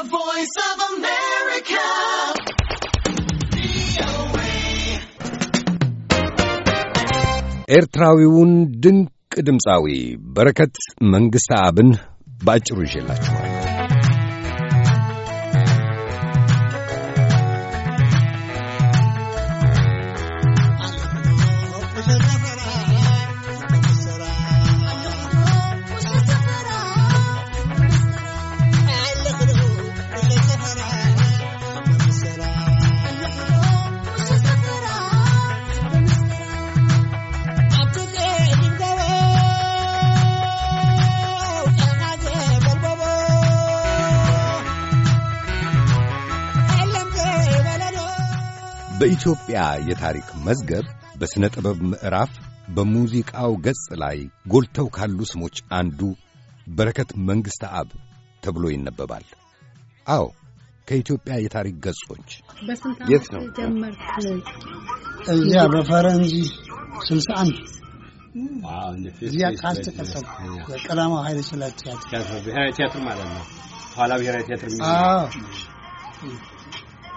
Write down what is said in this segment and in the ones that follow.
The Voice of America. ኤርትራዊውን ድንቅ ድምፃዊ በረከት መንግሥተ አብን በአጭሩ ይዤላችኋል። በኢትዮጵያ የታሪክ መዝገብ በሥነ ጥበብ ምዕራፍ በሙዚቃው ገጽ ላይ ጎልተው ካሉ ስሞች አንዱ በረከት መንግሥተ አብ ተብሎ ይነበባል። አዎ ከኢትዮጵያ የታሪክ ገጾች የት ነው? እዚያ በፈረንጂ ስልሳ አንድ እዚያ ካስተቀጠሉ ቀዳማዊ ኃይለ ሥላሴ ቲያትር ማለት ነው። ኋላ ብሔራዊ ቲያትር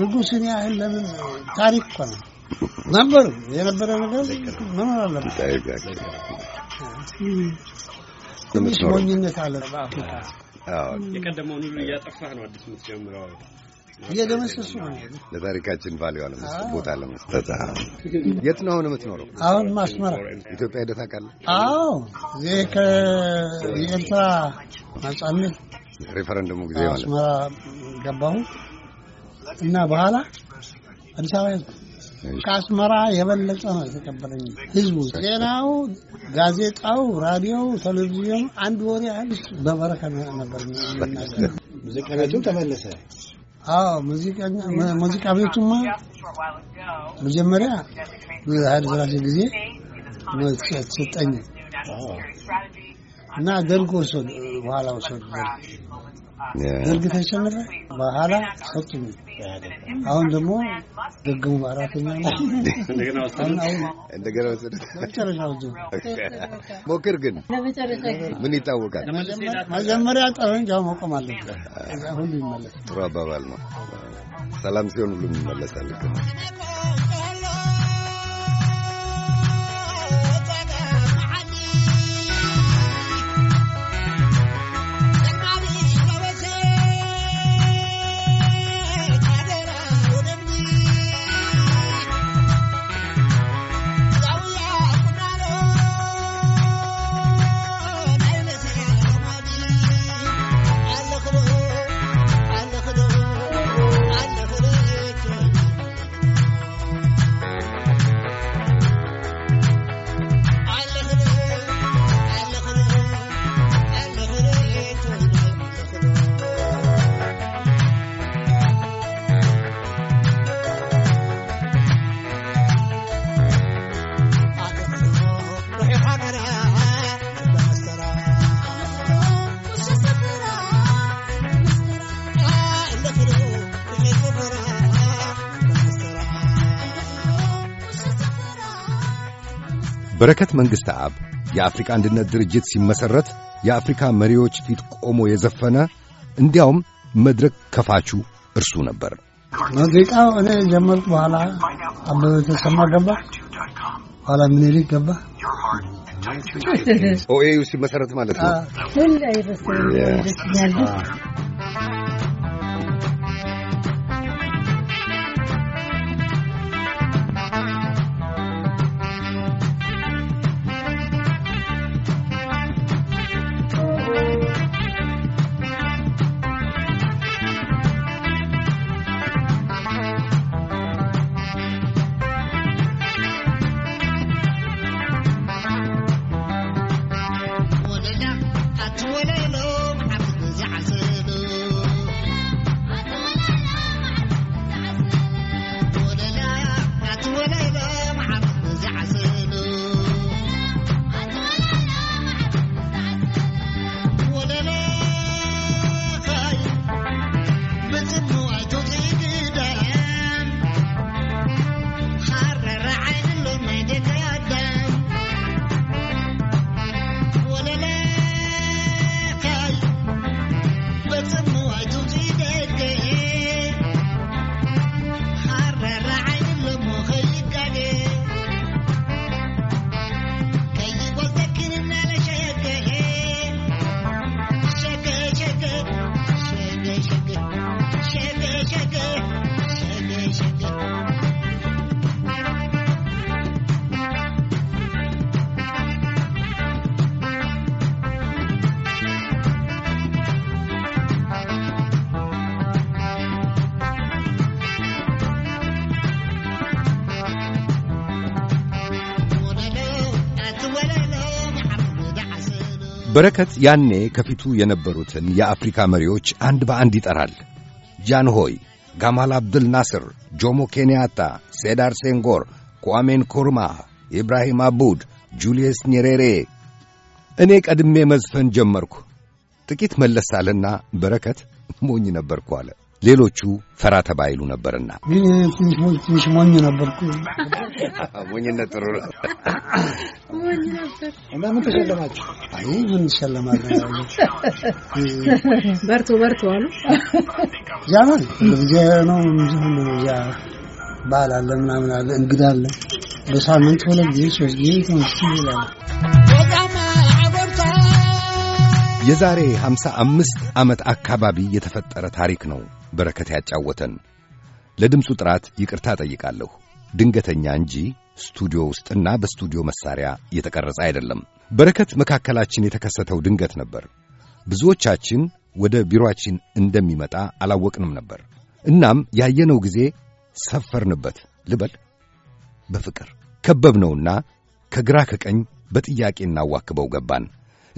ንጉስን ያህል ለምን ታሪክ እኮ ነው ነበር የነበረ ነገር መኖር አለበት። ትንሽ ሞኝነት አለ በአፍሪካ የቀደመውን ሁሉ እያጠፋህ ነው አዲስ የምትጀምረው እየደመሰሱ ነው። ለታሪካችን ቫሊዩ አለመስጠት ቦታ አለመስጠት። የት ነው አሁን የምትኖረው? አሁን ማስመራ ኢትዮጵያ ሄደህ ታውቃለህ? አዎ እዚህ ከኤርትራ ነጻነት ሪፈረንደሙ ጊዜ ማለት አስመራ ገባሁ። እና በኋላ አዲስ አበባ ከአስመራ የበለጠ ነው የተቀበለኝ ህዝቡ። ዜናው፣ ጋዜጣው፣ ራዲዮው፣ ቴሌቪዥኑ አንድ ወሬ አንድ በበረከ ነበር። ሙዚቃ ቤቱ ተመለሰ። አዎ ሙዚቃ ቤቱማ መጀመሪያ ኃይለ ሥላሴ ጊዜ ተሰጠኝ እና ደርግ ወሰድ በኋላ ወሰድ በእርግጥ ተጨምረ በኋላ ሰጡ። አሁን ደግሞ ደገሙ አራተኛ እንደገና ሞክር ግን ምን ይታወቃል። መጀመሪያ ጠረንጃው መቆም አለበት። ሁሉ ጥሩ አባባል ነው። ሰላም ሲሆን ሁሉም ይመለሳል። በረከት መንግሥተ አብ የአፍሪካ አንድነት ድርጅት ሲመሠረት የአፍሪካ መሪዎች ፊት ቆሞ የዘፈነ እንዲያውም መድረክ ከፋቹ እርሱ ነበር። ጋዜጣ እኔ ጀመርኩ። በኋላ አበበ ተሰማ ገባ፣ በኋላ ምኒልክ ገባ። ኦኤዩ ሲመሠረት ማለት ነው። በረከት ያኔ ከፊቱ የነበሩትን የአፍሪካ መሪዎች አንድ በአንድ ይጠራል። ጃንሆይ፣ ጋማል አብዱል ናስር፣ ጆሞ ኬንያታ፣ ሴዳር ሴንጎር፣ ኳሜን ኩርማ፣ ኢብራሂም አቡድ፣ ጁልየስ ኔሬሬ። እኔ ቀድሜ መዝፈን ጀመርኩ። ጥቂት መለስ በረከት ሞኝ ነበርኩ አለ። ሌሎቹ ፈራ ተባይሉ ነበርና ግን ትንሽ ሞኝ ነበርኩ። ሞኝነት ጥሩ ነው። ምን ተሸለማችሁ? አይ ምን እንሸለማለን ያሉ በርቶ በርቶ አሉ። እዚያ ነው ነው ሁሉ ያ በዓል አለ ምናምን አለ እንግዳ አለ። በሳምንት ሁለት ጊዜ ሶስት ጊዜ ተመስል ይላል የዛሬ ሃምሳ አምስት ዓመት አካባቢ የተፈጠረ ታሪክ ነው በረከት ያጫወተን። ለድምፁ ጥራት ይቅርታ ጠይቃለሁ። ድንገተኛ እንጂ ስቱዲዮ ውስጥና በስቱዲዮ መሳሪያ የተቀረጸ አይደለም። በረከት መካከላችን የተከሰተው ድንገት ነበር። ብዙዎቻችን ወደ ቢሮአችን እንደሚመጣ አላወቅንም ነበር። እናም ያየነው ጊዜ ሰፈርንበት ልበል፣ በፍቅር ከበብነውና ከግራ ከቀኝ በጥያቄ እናዋክበው ገባን።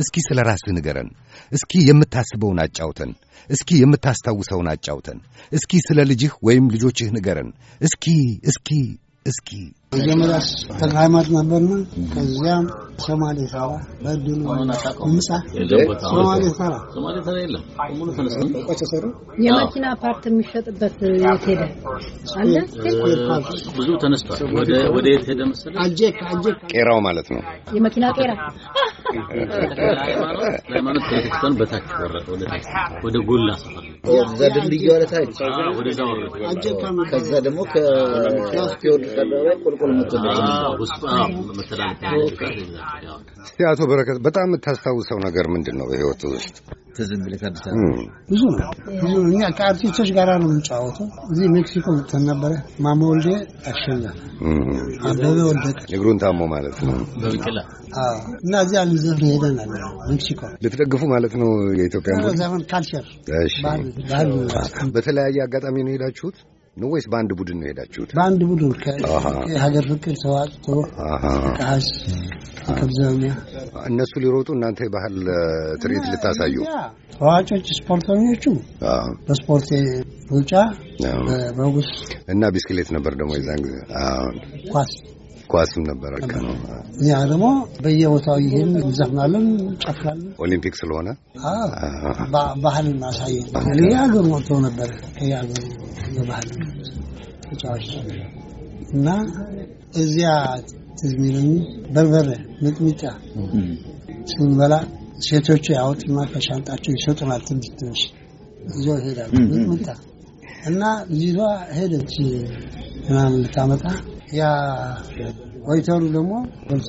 እስኪ ስለ ራስህ ንገረን። እስኪ የምታስበውን አጫውተን። እስኪ የምታስታውሰውን አጫውተን። እስኪ ስለ ልጅህ ወይም ልጆችህ ንገረን። እስኪ እስኪ እስኪ መጀመሪያ ተራማት ነበርና ከዚያ ሶማሌ ሰራ በድሉ ምሳ ሶማሌ ሰራ የመኪና ፓርት የሚሸጥበት የት ሄደ አለ? ብዙ ተነስቷል። ወደ የት ሄደ መሰለህ? አጀክ አጀክ ቄራው ማለት ነው። የመኪና ቄራ ሃይማኖት ከቤተክርስቲያኑ በታች ወደ ጎላ ሰፈር ከዛ ድልድዩ ወደ ታች ከዛ ደግሞ ከቴዎድሮስ አደባባይ ቁልቁል እስቲ አቶ በረከት በጣም የምታስታውሰው ነገር ምንድን ነው? በህይወት ውስጥ ብዙ ነው ብዙ ነው። እኛ ከአርቲስቶች ጋር ነው የምንጫወተው። እዚህ ሜክሲኮ መጥተን ነበረ። ማሞ ወልዴ አበበ እግሩን ታሞ ማለት ነው እና እዚያ ልንዘፍን ሄደናል ሜክሲኮ ልትደግፉ ማለት ነው ዘፈን ካልቸር በተለያየ አጋጣሚ ነው የሄዳችሁት ነው ወይስ በአንድ ቡድን ነው የሄዳችሁት? በአንድ ቡድን ከሀገር ፍቅር ሰው አጥቶ ቃሽ ከብዛሚያ እነሱ ሊሮጡ እናንተ የባህል ትርኢት ልታሳዩ ተዋጮች ስፖርተኞቹ በስፖርት ሩጫ በጉስ እና ቢስክሌት ነበር ደግሞ የዛን ጊዜ ኳስ ኳስም ነበር። ያ ደግሞ በየቦታው ይህን እንዘፍናለን፣ ጨፍራለን። ኦሊምፒክ ስለሆነ ባህል ማሳየ የሀገሩ ወጥተው ነበር የሀገሩ በባህል ተጫዋች እና እዚያ ትዝሚልን በርበሬ ምጥሚጫ ስንበላ ሴቶቹ ያወጡና ከሻንጣቸው ይሰጡናል። ትንሽ ትንሽ ይዘው ይሄዳሉ። ሚጥሚጣ እና ልጅቷ ሄደች ምናምን ልታመጣ ያ ወይተሩ ደግሞ ገልጾ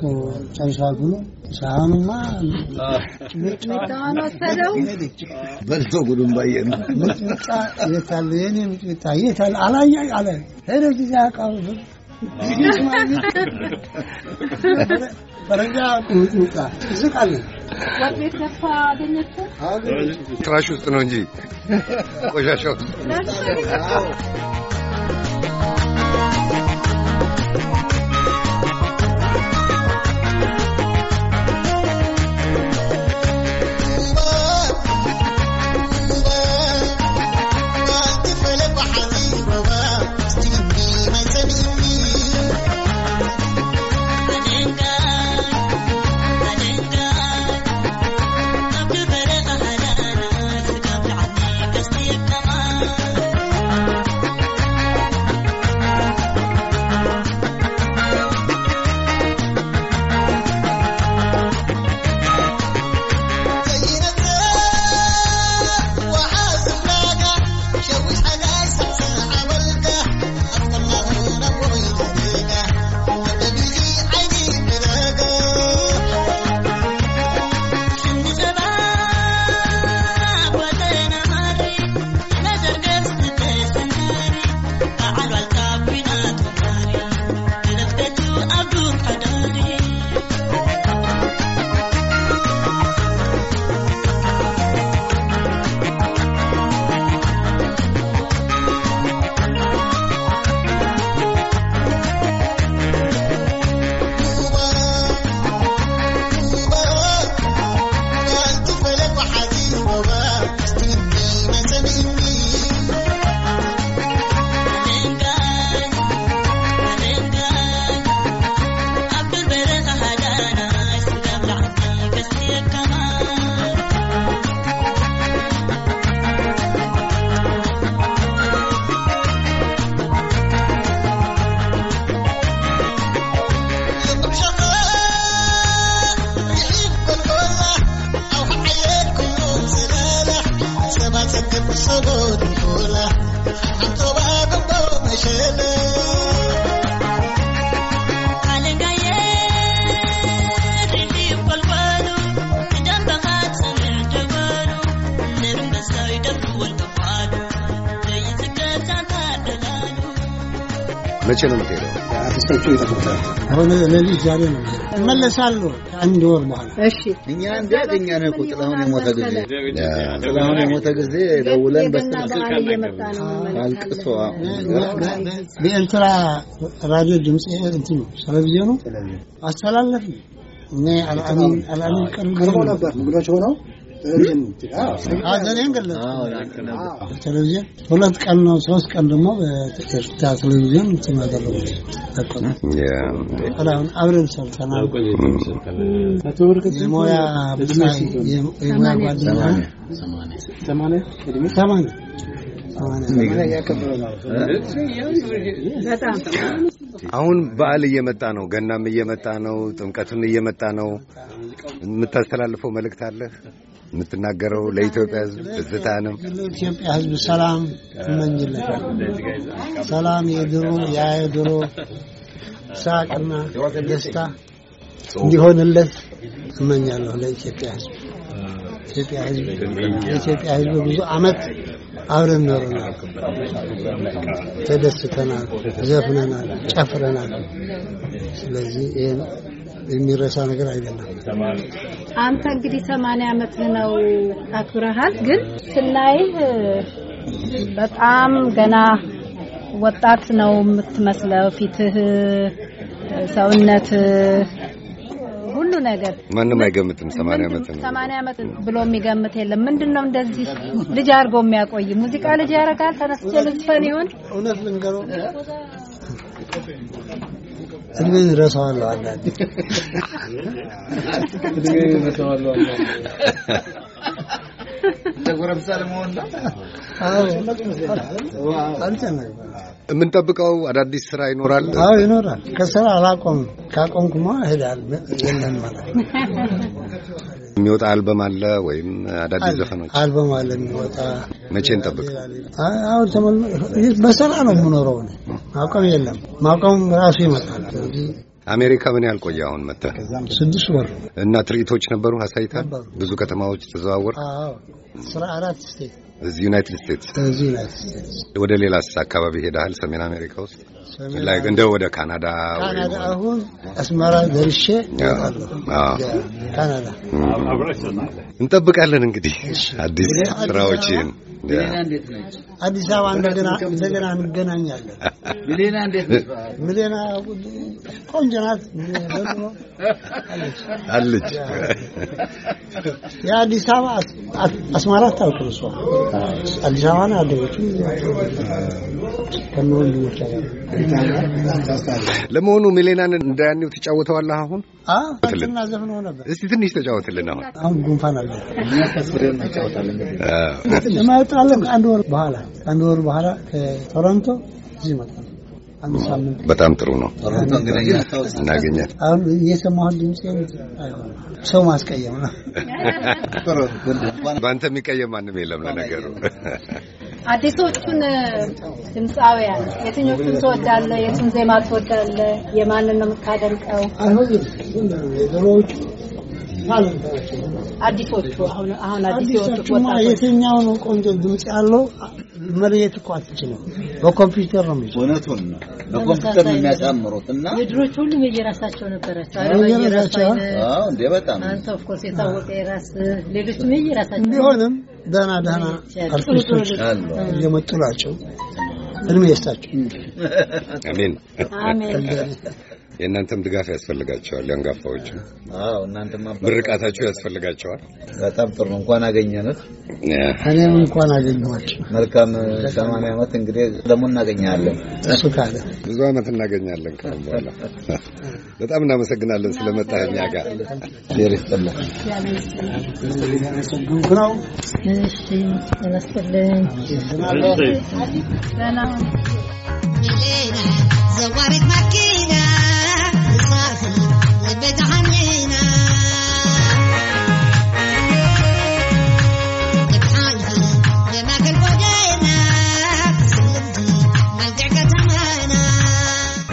ጨርሷል ብሎ ሳሁንማ ሚጥሚጣ ወሰደው በልቶ ጉዱን ባየ ነው። ሚጥሚጣ የታለ የኔ ሚጥሚጣ የታለ አላየ አለ ሄደ ጊዜ አቃሉ ፈረንጃ ሚጥሚጣ ይስቃል። ትራሽ ውስጥ ነው እንጂ ቆሻሻ ውስጥ መቼ ነው መሄደው? አሁን ሌሊት ዛሬ ነው እመለሳለሁ። አንድ ወር በኋላ እሺ። እኛ እንዴት ነው እኮ ጥላሁን የሞተ ጊዜ ጥላሁን የሞተ ጊዜ ደውለን በስልክ በኤርትራ ራዲዮ ድምፅ እንትን ነው ሰለቪዚዮኑ አስተላለፍን። እኔ አልአሚን ቀርቦ ነበር ምግኖች ሆነው ገለጽ። ቴሌቪዥን ሁለት ቀን ነው፣ ሶስት ቀን ደግሞ ቴሌቪዥን እንትን ያደረጉት አሁን አብረን ሰርተናል። የሙያ የሙያ ጓደኛ ሰማንያ አሁን በዓል እየመጣ ነው፣ ገናም እየመጣ ነው፣ ጥምቀትም እየመጣ ነው። የምታስተላልፈው መልእክት አለህ? የምትናገረው ለኢትዮጵያ ሕዝብ ትዝታ ነው። ኢትዮጵያ ሕዝብ ሰላም እመኝለት ሰላም የድሮ የድሮ ሳቅና ደስታ እንዲሆንለት እመኛለሁ። ለኢትዮጵያ ሕዝብ ኢትዮጵያ ሕዝብ ብዙ አመት አብረን ኖረናል፣ ተደስተናል፣ ዘፍነናል፣ ጨፍረናል። ስለዚህ ይሄ የሚረሳ ነገር አይደለም። አንተ እንግዲህ ሰማንያ ዓመት ነው አክብረሃል። ግን ስናይህ በጣም ገና ወጣት ነው የምትመስለው። ፊትህ፣ ሰውነት፣ ሁሉ ነገር ማንም አይገምትም። 80 አመት ነው 80 አመት ብሎ የሚገምት የለም። ምንድነው እንደዚህ ልጅ አድርጎ የሚያቆይ ሙዚቃ ልጅ ያደርጋል። ተነስቼ ልዝፈን ይሆን እውነት ልንገረው እድሜን እረሳዋለሁ የምንጠብቀው አዳዲስ ስራ ይኖራል። አዎ ይኖራል። ከስራ አላቆም ካቆምኩማ እሄዳለሁ የለም ማለት የሚወጣ አልበም አለ ወይም አዳዲስ ዘፈኖች? አልበም አለ የሚወጣ። መቼ እንጠብቅ? አሁን በስራ ነው የምኖረው። ማቆም የለም። ማቆም ራሱ ይመጣል። አሜሪካ ምን ያህል ቆየ? አሁን መጥተህ ስድስት ወር እና ትርኢቶች ነበሩ፣ አሳይታል። ብዙ ከተማዎች ተዘዋወር። ስራ አራት ስቴት እዚህ ዩናይትድ ስቴትስ። ወደ ሌላስ አካባቢ ሄደሃል? ሰሜን አሜሪካ ውስጥ ላይ እንደ ወደ ካናዳ ካናዳ አሁን አስመራ ደርሼ ካናዳ እንጠብቃለን እንግዲህ አዲስ ስራዎችን አዲስ አበባ እንደገና እንደገና እንገናኛለን። ሚሊና እንዴት ነች? ሚሊና ቆንጆ ናት አለች። የአዲስ አበባ አስማራ አልኩህ እሷ አዲስ አበባ ነው ያደገችው። ለመሆኑ ሚሊናን እንዳያኔው ትጫወተዋለህ? አሁን ትና ዘፍነው ነበር። እስቲ ትንሽ ተጫወትልን። አሁን አሁን ጉንፋን አለ እመጣለሁ ከአንድ ወር በኋላ ከአንድ ወር በኋላ ከቶሮንቶ እዚህ እመጣለሁ። አንድ ሳምንት። በጣም ጥሩ ነው። ቶሮንቶ እንግዲህ እናገኛት። አሁን እየሰማሁት ድምፅ ሰው ማስቀየም ነው። በአንተ የሚቀየም ማንም የለም ለነገሩ። አዲሶቹን ድምፃውያን የትኞቹን ትወዳለህ? የቱን ዜማ ትወዳለህ? የማንን ነው የምታደርቀው? አሁን የድሮዎቹ አዲሶቹ አሁን አዲሶቹ የትኛው ነው ቆንጆ ድምጽ ያለው? መለየት እኮ አትችልም። በኮምፒውተር ነው እውነቱን ነው። በኮምፒውተር ነው እና የድሮች የየራሳቸው ነበራቸው። አዎ፣ እንደ በጣም አንተ ኦፍ ኮርስ የታወቀ የራስ ሌሎችም የየራሳቸው ቢሆንም ደህና ደህና አርቲስቶች እየመጡ ናቸው። እድሜ ይስጣቸው። አሜን አሜን። የእናንተም ድጋፍ ያስፈልጋቸዋል። ያንጋፋዎች እናንተማ ምርቃታችሁ ያስፈልጋቸዋል። በጣም ጥሩ እንኳን አገኘንህ። እኔም እንኳን አገኘኋቸው። መልካም ሰማንያ ዓመት እንግዲህ ደግሞ እናገኛለን። እሱ ካለ ብዙ ዓመት እናገኛለን ካሁን በኋላ። በጣም እናመሰግናለን ስለመጣህ እኛ ጋር ሬስጥላ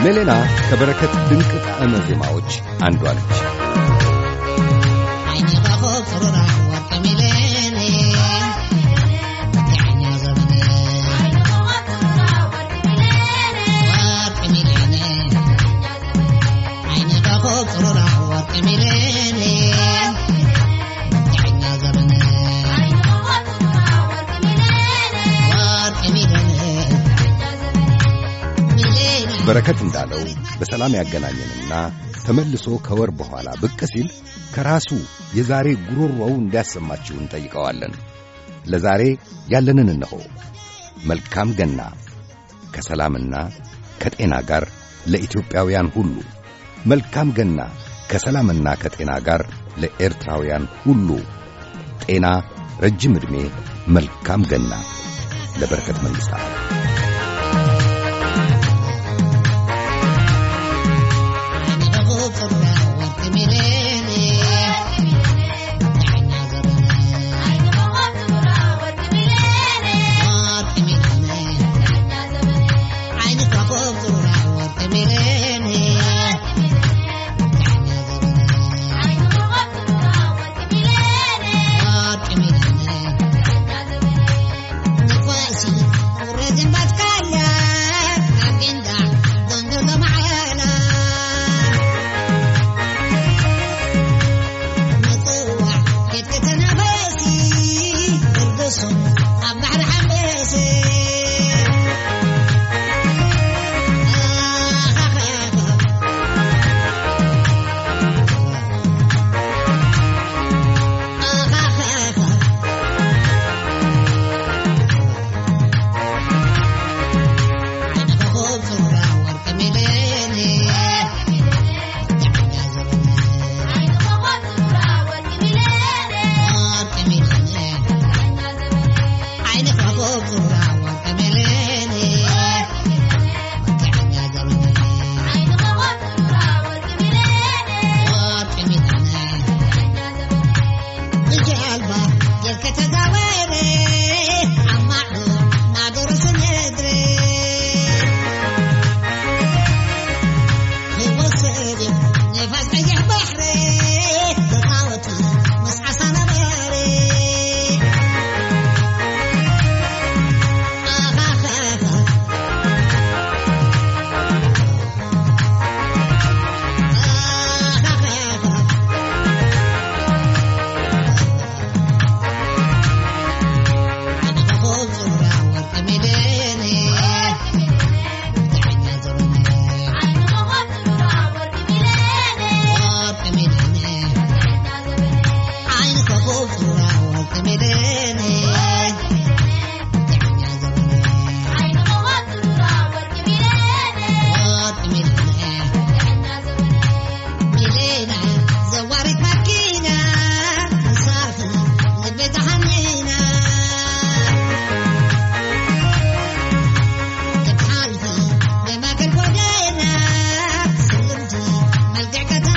ሜሌና ከበረከት ድንቅ ጣዕመ ዜማዎች አንዷ ነች። በረከት እንዳለው በሰላም ያገናኘንና ተመልሶ ከወር በኋላ ብቅ ሲል ከራሱ የዛሬ ጉሮሮው እንዲያሰማችሁ እንጠይቀዋለን። ለዛሬ ያለንን እነሆ። መልካም ገና ከሰላምና ከጤና ጋር ለኢትዮጵያውያን ሁሉ፣ መልካም ገና ከሰላምና ከጤና ጋር ለኤርትራውያን ሁሉ። ጤና፣ ረጅም ዕድሜ፣ መልካም ገና ለበረከት መንግሥታ ಜಗದ